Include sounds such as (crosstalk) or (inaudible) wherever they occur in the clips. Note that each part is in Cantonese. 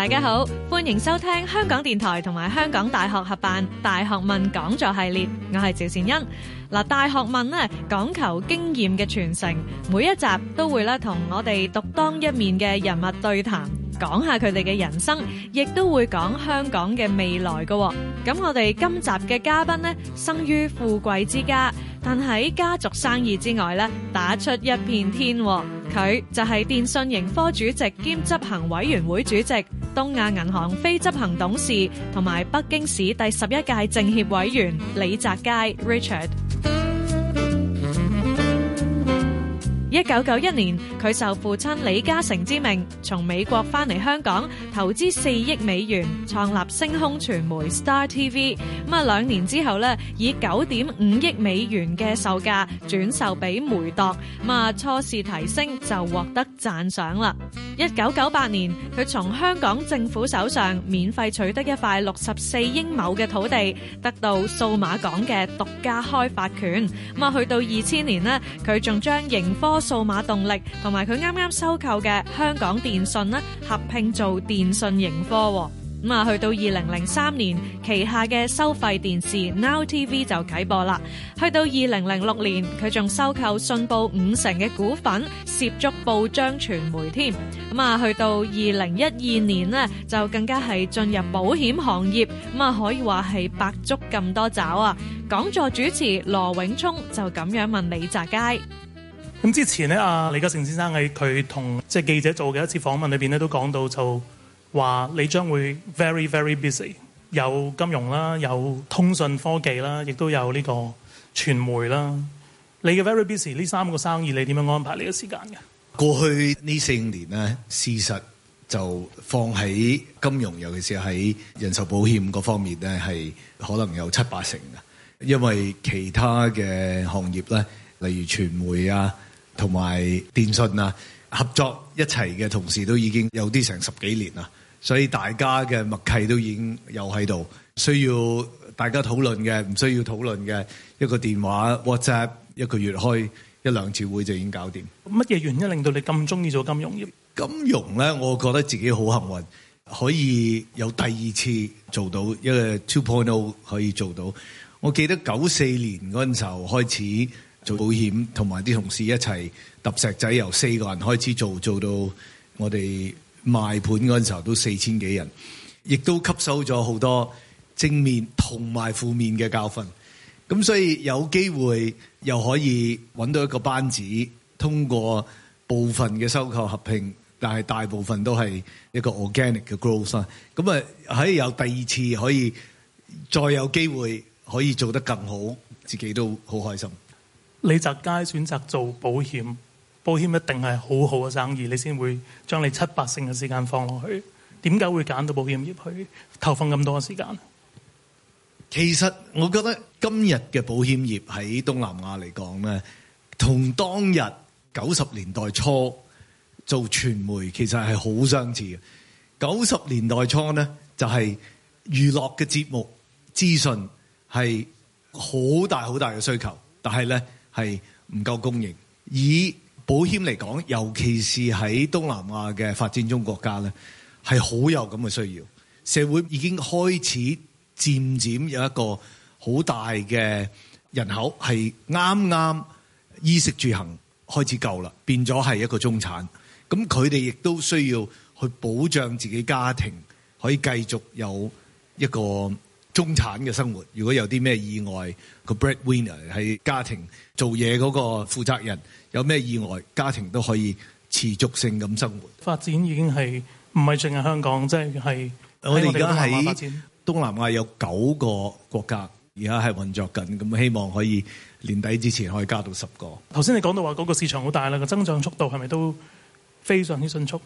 大家好，歡迎收聽香港電台同埋香港大學合辦《大學問講座》系列，我係趙善恩。嗱，《大學問》咧講求經驗嘅傳承，每一集都會咧同我哋獨當一面嘅人物對談。講下佢哋嘅人生，亦都會講香港嘅未來噶。咁我哋今集嘅嘉賓呢，生於富貴之家，但喺家族生意之外呢，打出一片天。佢就係電信盈科主席兼執行委員會主席、東亞銀行非執行董事，同埋北京市第十一屆政協委員李澤楷 Richard。一九九一年，佢受父親李嘉誠之命，從美國返嚟香港投資四億美元，創立星空傳媒 Star TV。咁啊，兩年之後咧，以九點五億美元嘅售價轉售俾梅鐸，咁啊，初時提升就獲得讚賞啦。一九九八年，佢從香港政府手上免費取得一塊六十四英畝嘅土地，得到數碼港嘅獨家開發權。咁啊，去到二千年咧，佢仲將盈科，數碼動力同埋佢啱啱收購嘅香港電訊呢，合拼做電訊盈科。咁啊，去到二零零三年，旗下嘅收費電視 Now TV 就啟播啦。去到二零零六年，佢仲收購信報五成嘅股份，涉足報章傳媒添。咁啊，去到二零一二年呢，就更加係進入保險行業。咁啊，可以話係百足咁多爪啊！講座主持羅永聰就咁樣問李澤楷。咁之前咧，阿李嘉誠先生喺佢同即係記者做嘅一次訪問裏面咧，都講到就話你將會 very very busy，有金融啦，有通訊科技啦，亦都有呢個傳媒啦。你嘅 very busy 呢三個生意，你點樣安排你嘅時間嘅？過去呢四年呢，事實就放喺金融，尤其是喺人壽保險嗰方面咧，係可能有七八成嘅，因為其他嘅行業咧，例如傳媒啊。同埋電信啊合作一齊嘅同事都已經有啲成十幾年啦，所以大家嘅默契都已經有喺度，需要大家討論嘅，唔需要討論嘅一個電話 WhatsApp 一個月開一兩次會就已經搞掂。乜嘢原因令到你咁中意做金融？金融咧，我覺得自己好幸運，可以有第二次做到，一個 two point zero 可以做到。我記得九四年嗰陣時候開始。做保險同埋啲同事一齊揼石仔，由四個人開始做，做到我哋賣盤嗰陣時候都四千幾人，亦都吸收咗好多正面同埋負面嘅教訓。咁所以有機會又可以揾到一個班子，通過部分嘅收購合併，但係大部分都係一個 organic 嘅 growth。咁啊喺有第二次可以再有機會可以做得更好，自己都好開心。李澤楷選擇做保險，保險一定係好好嘅生意，你先會將你七八成嘅時間放落去。點解會揀到保險業去投放咁多嘅時間？其實我覺得今日嘅保險業喺東南亞嚟講咧，同當日九十年代初做傳媒其實係好相似嘅。九十年代初咧，就係娛樂嘅節目資訊係好大好大嘅需求，但係咧。係唔夠供應，以保險嚟講，尤其是喺東南亞嘅發展中國家咧，係好有咁嘅需要。社會已經開始漸漸有一個好大嘅人口係啱啱衣食住行開始夠啦，變咗係一個中產。咁佢哋亦都需要去保障自己家庭可以繼續有一個。中產嘅生活，如果有啲咩意外，個 breadwinner 係家庭做嘢嗰個負責人，有咩意外，家庭都可以持續性咁生活。發展已經係唔係淨係香港，即係係我哋而家喺東南亞有九個國家而家係運作緊，咁希望可以年底之前可以加到十個。頭先你講到話嗰個市場好大啦，個增長速度係咪都非常之迅速？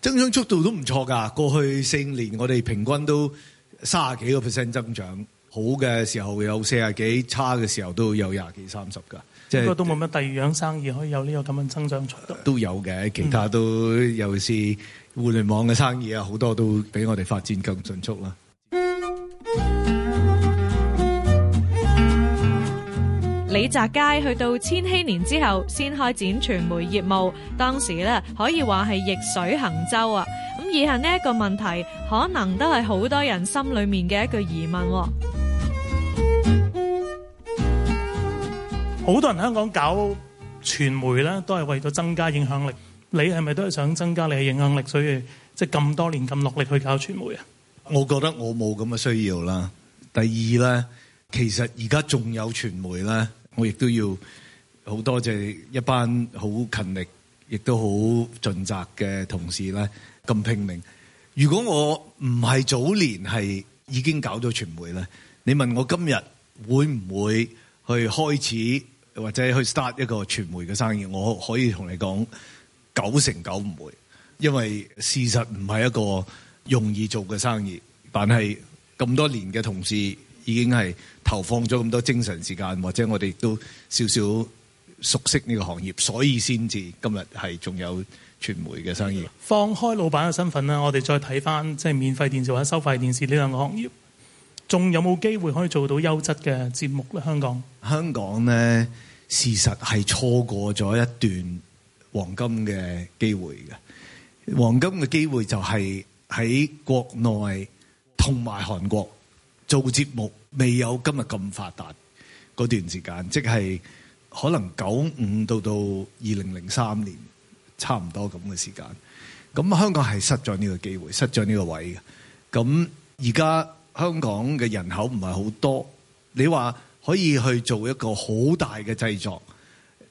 增長速度是不是都唔錯㗎，過去四年我哋平均都。三十幾個 percent 增長，好嘅時候有四十幾，差嘅時候都有廿幾三十噶。即、就、係、是、都冇乜第二樣生意可以有呢個咁樣增長速度？呃，都有嘅，其他都、嗯、尤其是互聯網嘅生意啊，好多都比我哋發展更迅速啦。李澤楷去到千禧年之後，先開展傳媒業務，當時咧可以話係逆水行舟啊。以下呢一個問題，可能都係好多人心裏面嘅一句疑問。好多人在香港搞傳媒咧，都係為咗增加影響力。你係咪都係想增加你嘅影響力，所以即係咁多年咁落力去搞傳媒啊？我覺得我冇咁嘅需要啦。第二咧，其實而家仲有傳媒咧，我亦都要好多謝一班好勤力，亦都好盡責嘅同事咧。咁拼命！如果我唔係早年係已經搞咗傳媒咧，你問我今日會唔會去開始或者去 start 一個傳媒嘅生意，我可以同你講九成九唔會，因為事實唔係一個容易做嘅生意。但係咁多年嘅同事已經係投放咗咁多精神時間，或者我哋都少少熟悉呢個行業，所以先至今日係仲有。傳媒嘅生意，放開老闆嘅身份啦，我哋再睇翻即係免費電視或者收費電視呢兩個行業，仲有冇機會可以做到優質嘅節目咧？香港香港咧，事實係錯過咗一段黃金嘅機會嘅。黃金嘅機會就係喺國內同埋韓國做節目未有今日咁發達嗰段時間，即係可能九五到到二零零三年。差唔多咁嘅時間，咁香港係失咗呢個機會，失咗呢個位嘅。咁而家香港嘅人口唔係好多，你話可以去做一個好大嘅製作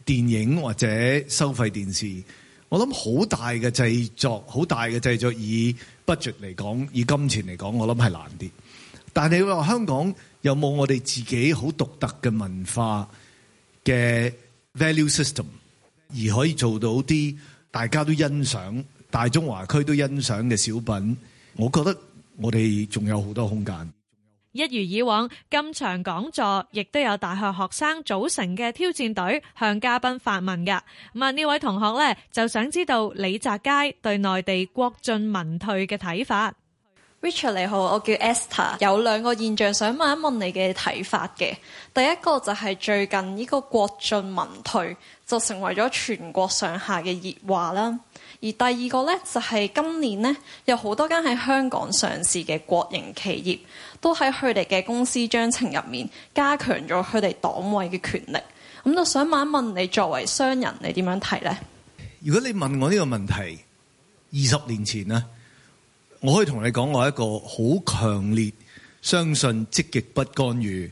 電影或者收費電視，我諗好大嘅製作，好大嘅製作，以 budget 嚟講，以金錢嚟講，我諗係難啲。但你話香港有冇我哋自己好獨特嘅文化嘅 value system，而可以做到啲？大家都欣賞大中華區都欣賞嘅小品，我覺得我哋仲有好多空間。一如以往，今場講座亦都有大學學生組成嘅挑戰隊向嘉賓發問㗎。咁啊，呢位同學咧就想知道李澤楷對內地國進民退嘅睇法。Richard 你好，我叫 Esther，有兩個現象想問一問你嘅睇法嘅。第一個就係最近呢個國進民退。就成為咗全國上下嘅熱話啦。而第二個呢，就係今年呢，有好多間喺香港上市嘅國營企業，都喺佢哋嘅公司章程入面加強咗佢哋黨委嘅權力。咁就想問一問你，作為商人，你點樣睇呢？如果你問我呢個問題，二十年前呢，我可以同你講，我係一個好強烈相信積極不干預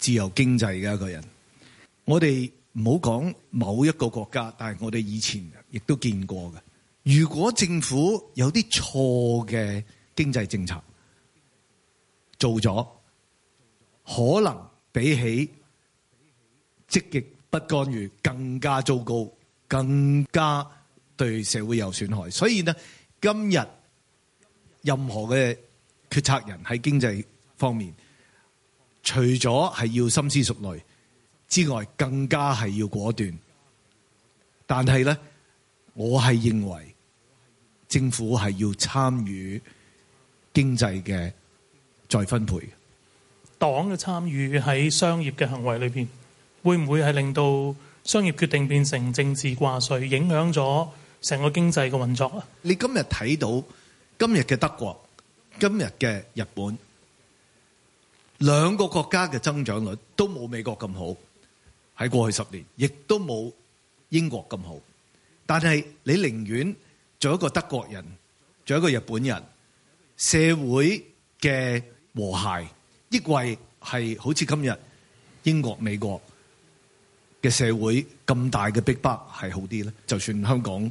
自由經濟嘅一個人。我哋。唔好講某一個國家，但係我哋以前亦都見過嘅。如果政府有啲錯嘅經濟政策做咗，可能比起積極不干預更加糟糕，更加對社會有損害。所以呢，今日任何嘅決策人喺經濟方面，除咗係要深思熟慮。之外，更加係要果斷。但係咧，我係認為政府係要參與經濟嘅再分配的。黨嘅參與喺商業嘅行為裏邊，會唔會係令到商業決定變成政治掛帥，影響咗成個經濟嘅運作啊？你今日睇到今日嘅德國、今日嘅日本兩個國家嘅增長率都冇美國咁好。喺過去十年，亦都冇英國咁好。但係你寧願做一個德國人，做一個日本人，社會嘅和諧，抑或係好似今日英國、美國嘅社會咁大嘅逼迫，迫，係好啲咧？就算香港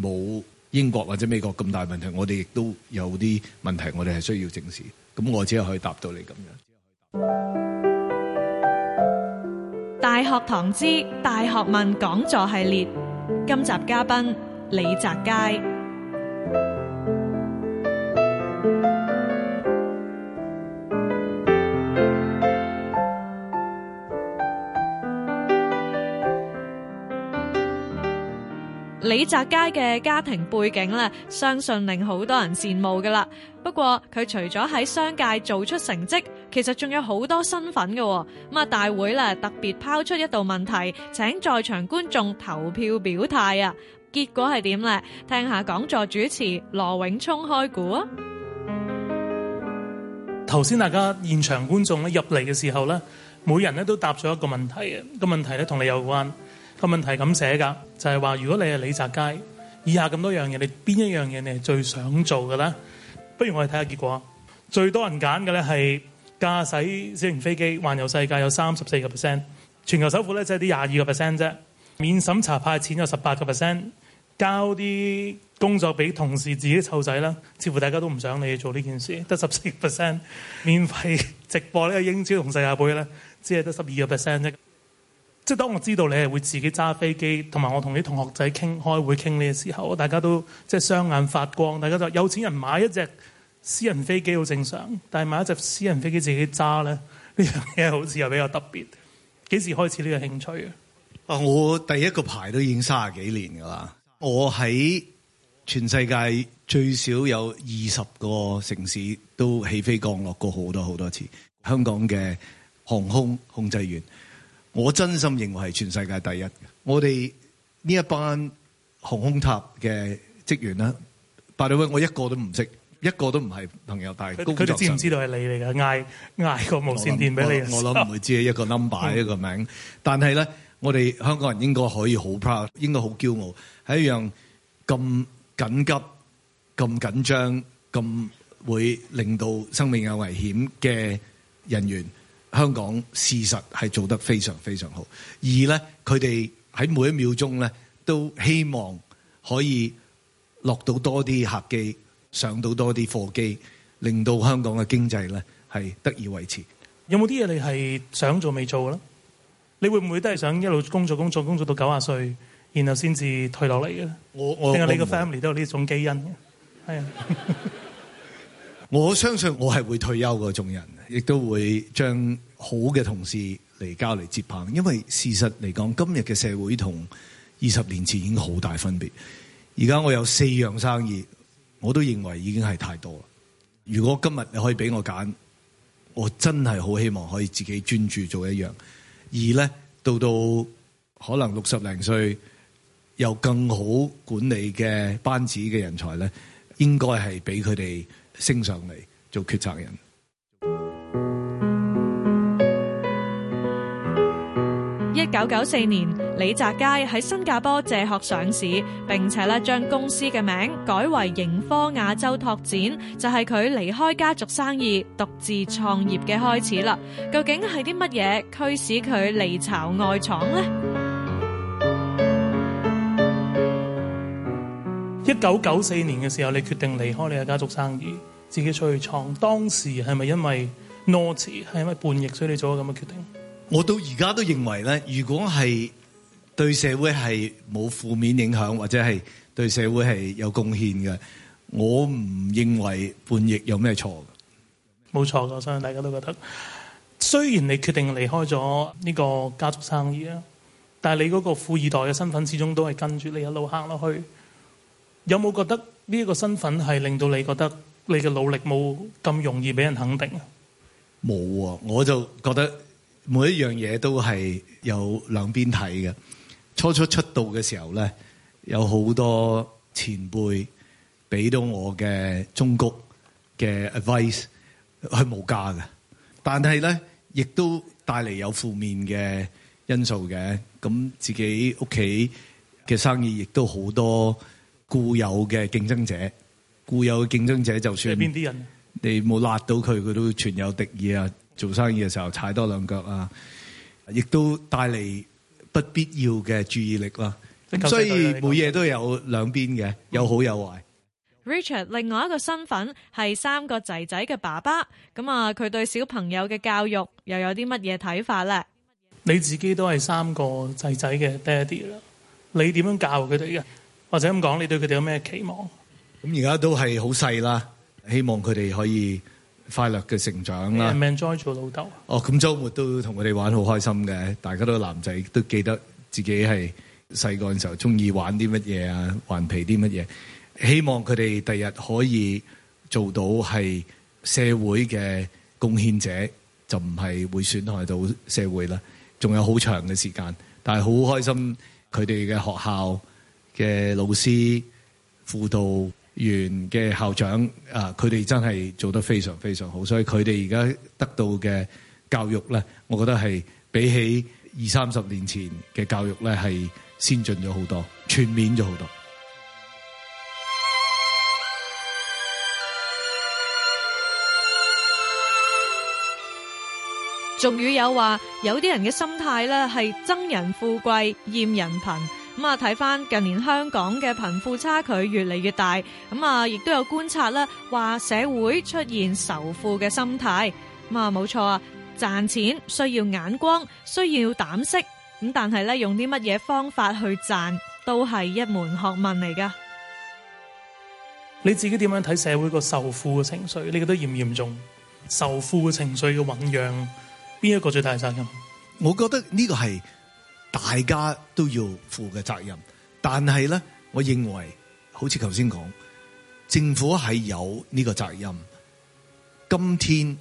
冇英國或者美國咁大的問題，我哋亦都有啲問題，我哋係需要正視。咁我只係可以答到你咁樣。只可以答《大學堂之大學問講座》系列，今集嘉賓李澤楷。李澤楷嘅家庭背景咧，相信令好多人羨慕㗎喇。不過佢除咗喺商界做出成績，其實仲有好多身份噶咁啊！大會咧特別拋出一道問題，請在場觀眾投票表態啊。結果係點咧？聽下講座主持羅永聰開估啊。頭先大家現場觀眾咧入嚟嘅時候咧，每人咧都答咗一個問題嘅，個問題咧同你有關個問題咁寫噶，就係話如果你係李澤楷，以下咁多樣嘢，你邊一樣嘢你係最想做噶咧？不如我哋睇下結果，最多人揀嘅咧係。駕駛小型飛機環遊世界有三十四個 percent，全球首富咧即係啲廿二個 percent 啫。免審查派錢有十八個 percent，交啲工作俾同事自己湊仔啦。似乎大家都唔想你去做呢件事，得十四 percent。免費直播呢個英超同世界盃咧，只係得十二個 percent 啫。即係當我知道你係會自己揸飛機，同埋我同啲同學仔傾開會傾呢嘅時候，大家都即係雙眼發光，大家就有錢人買一隻。私人飛機好正常，但係買一隻私人飛機自己揸咧，呢樣嘢好似又比較特別。幾時開始呢個興趣啊？啊，我第一個牌都已經卅幾年㗎啦。我喺全世界最少有二十個城市都起飛降落過好多好多次。香港嘅航空控制員，我真心認為係全世界第一嘅。我哋呢一班航空塔嘅職員咧，百老匯我一個都唔識。一個都唔係朋友，但係工作上佢，佢哋知唔知道係你嚟噶？嗌，嗌個無綫電俾你啊！我諗唔會知係，一個 number，一個名，但係咧，我哋香港人應該可以好 proud，應該好驕傲，係一樣咁緊急、咁緊張、咁會令到生命有危險嘅人員，香港事實係做得非常非常好。二咧，佢哋喺每一秒鐘咧，都希望可以落到多啲客機。上到多啲貨機，令到香港嘅經濟咧係得以維持。有冇啲嘢你係想做未做嘅咧？你會唔會都係想一路工作工作工作到九十歲，然後先至退落嚟嘅？我我定係你個 family 都有呢種基因嘅，啊 (laughs) ！我相信我係會退休嗰種人，亦都會將好嘅同事嚟交嚟接棒。因為事實嚟講，今日嘅社會同二十年前已經好大分別。而家我有四樣生意。我都認為已經係太多啦。如果今日你可以俾我揀，我真係好希望可以自己專注做一樣。而咧到到可能六十零歲，又更好管理嘅班子嘅人才咧，應該係俾佢哋升上嚟做決策人。一九九四年，李澤楷喺新加坡借殼上市，並且咧將公司嘅名改為盈科亞洲拓展，就係佢離開家族生意、獨自創業嘅開始啦。究竟係啲乜嘢驅使佢離巢外闖呢？一九九四年嘅時候，你決定離開你嘅家族生意，自己出去創，當時係咪因為 naughty，係咪叛逆，所以你做咗咁嘅決定？我到而家都認為咧，如果係對社會係冇負面影響，或者係對社會係有貢獻嘅，我唔認為叛逆有咩錯嘅。冇錯嘅，相信大家都覺得。雖然你決定離開咗呢個家族生意啊，但係你嗰個富二代嘅身份，始終都係跟住你一路行落去。有冇覺得呢個身份係令到你覺得你嘅努力冇咁容易俾人肯定啊？冇啊，我就覺得。每一樣嘢都係有兩邊睇嘅。初初出道嘅時候咧，有好多前輩俾到我嘅忠告嘅 advice 係無價嘅，但係咧亦都帶嚟有負面嘅因素嘅。咁自己屋企嘅生意亦都好多固有嘅競爭者，固有嘅競爭者就算係邊啲人，你冇辣到佢，佢都存有敵意啊。做生意嘅時候踩多兩腳啊，亦都帶嚟不必要嘅注意力啦。是所以每嘢都有兩邊嘅，有好有壞。Richard 另外一個身份係三個仔仔嘅爸爸，咁啊，佢對小朋友嘅教育又有啲乜嘢睇法咧？你自己都係三個仔仔嘅爹哋啦，你點樣教佢哋嘅？或者咁講，你對佢哋有咩期望？咁而家都係好細啦，希望佢哋可以。快樂嘅成長啦，命再、yeah, 做老豆。哦，咁周末都同佢哋玩好開心嘅，大家都男仔，都記得自己係細個嘅時候鍾意玩啲乜嘢啊、頑皮啲乜嘢。希望佢哋第日可以做到係社會嘅貢獻者，就唔係會損害到社會啦。仲有好長嘅時間，但係好開心。佢哋嘅學校嘅老師輔導員嘅校長啊，佢哋真係做得非常非常好，所以佢哋而家得到嘅教育咧，我覺得係比起二三十年前嘅教育咧，係先進咗好多，全面咗好多。俗語有話，有啲人嘅心態咧，係憎人富貴，厭人貧。咁啊，睇翻近年香港嘅貧富差距越嚟越大，咁啊，亦都有觀察咧，話社會出現仇富嘅心態。咁啊，冇錯啊，賺錢需要眼光，需要膽識。咁但係咧，用啲乜嘢方法去賺，都係一門學問嚟噶。你自己點樣睇社會個仇富嘅情緒？你覺得嚴唔嚴重？仇富嘅情緒嘅醞釀，邊一個最大責任？我覺得呢個係。大家都要負嘅責任，但係呢，我認為好似頭先講，政府係有呢個責任。今天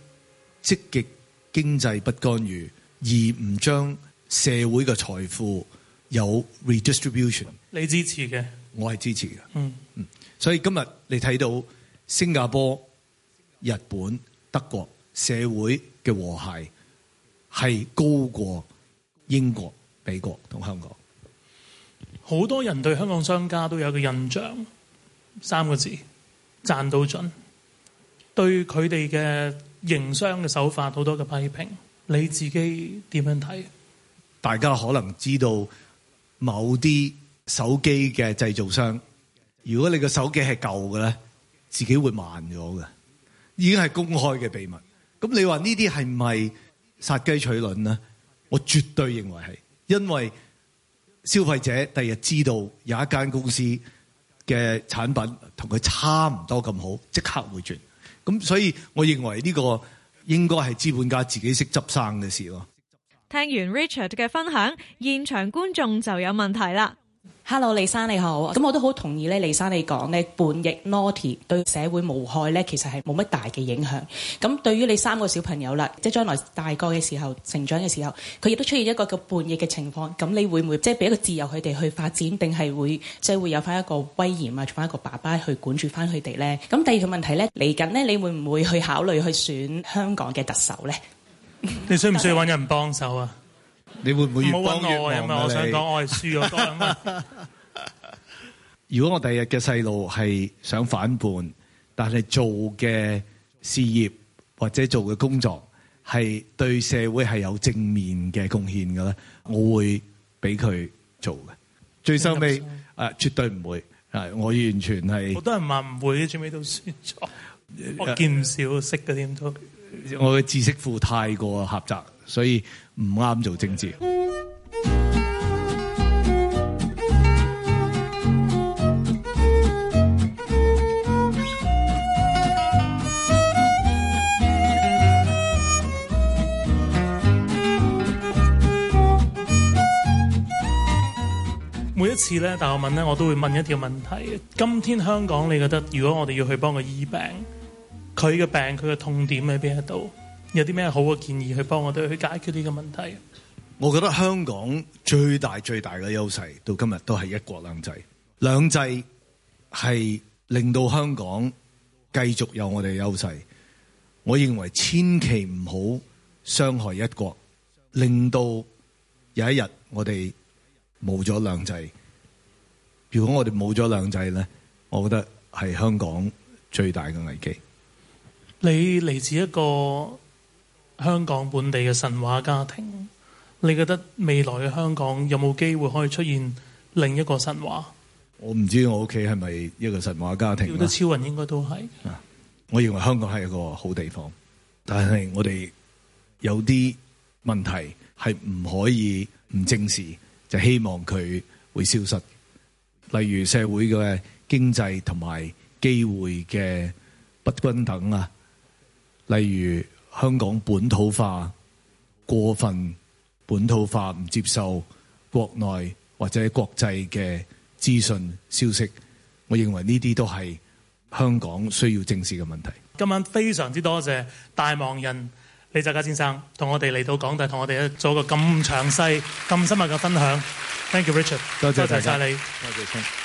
積極經濟不干預，而唔將社會嘅財富有 redistribution，你支持嘅，我係支持嘅。嗯嗯，所以今日你睇到新加坡、日本、德國社會嘅和諧係高過英國。美國同香港，好多人對香港商家都有個印象，三個字賺到盡。對佢哋嘅營商嘅手法很的，好多嘅批評。你自己點樣睇？大家可能知道某啲手機嘅製造商，如果你個手機係舊嘅咧，自己會慢咗嘅，已經係公開嘅秘密。咁你話呢啲係唔係殺雞取卵咧？我絕對認為係。因為消費者第日知道有一間公司嘅產品同佢差唔多咁好，即刻回轉。咁所以我認為呢個應該係資本家自己識執生嘅事咯。聽完 Richard 嘅分享，現場觀眾就有問題啦。Hello，李生你好，咁我都好同意咧，李生你講咧叛逆 naughty 對社會無害咧，其實係冇乜大嘅影響。咁對於你三個小朋友啦，即係將來大個嘅時候成長嘅時候，佢亦都出現一個叫叛逆嘅情況，咁你會唔會即係俾一個自由佢哋去發展，定係會即係會有翻一個威嚴啊，做翻一個爸爸去管住翻佢哋咧？咁第二個問題咧，嚟緊咧，你會唔會去考慮去選香港嘅特首咧？你需唔需要揾人幫手啊？你會唔會越幫越忙啊？我你我想講我係輸咗，如果我第日嘅細路係想反叛，但係做嘅事業或者做嘅工作係對社會係有正面嘅貢獻嘅咧，我會俾佢做嘅。嗯、最收尾誒，絕對唔會，係我完全係。好多人話唔會，最尾都輸咗。我見唔少識啲、啊、都，嗯、我嘅知識庫太過狹窄。所以唔啱做政治。每一次呢，大學問呢，我都會問一條問題，今天香港，你覺得如果我哋要去幫佢醫病，佢嘅病，佢嘅痛點喺邊一度？有啲咩好嘅建議去幫我哋去解決呢個問題？我覺得香港最大最大嘅優勢到今日都係一國兩制，兩制係令到香港繼續有我哋優勢。我認為千祈唔好傷害一國，令到有一日我哋冇咗兩制。如果我哋冇咗兩制呢，我覺得係香港最大嘅危機。你嚟自一個香港本地嘅神話家庭，你覺得未來嘅香港有冇機會可以出現另一個神話？我唔知我屋企係咪一個神話家庭。我覺得超人應該都係。啊，我認為香港係一個好地方，但係我哋有啲問題係唔可以唔正視，就希望佢會消失。例如社會嘅經濟同埋機會嘅不均等啊，例如。香港本土化，過分本土化，唔接受國內或者國際嘅資訊消息，我認為呢啲都係香港需要正視嘅問題。今晚非常之多謝大忙人李澤楷先生同我哋嚟到港大，同我哋做個咁詳細、咁深入嘅分享。Thank you, Richard。多謝多謝曬你。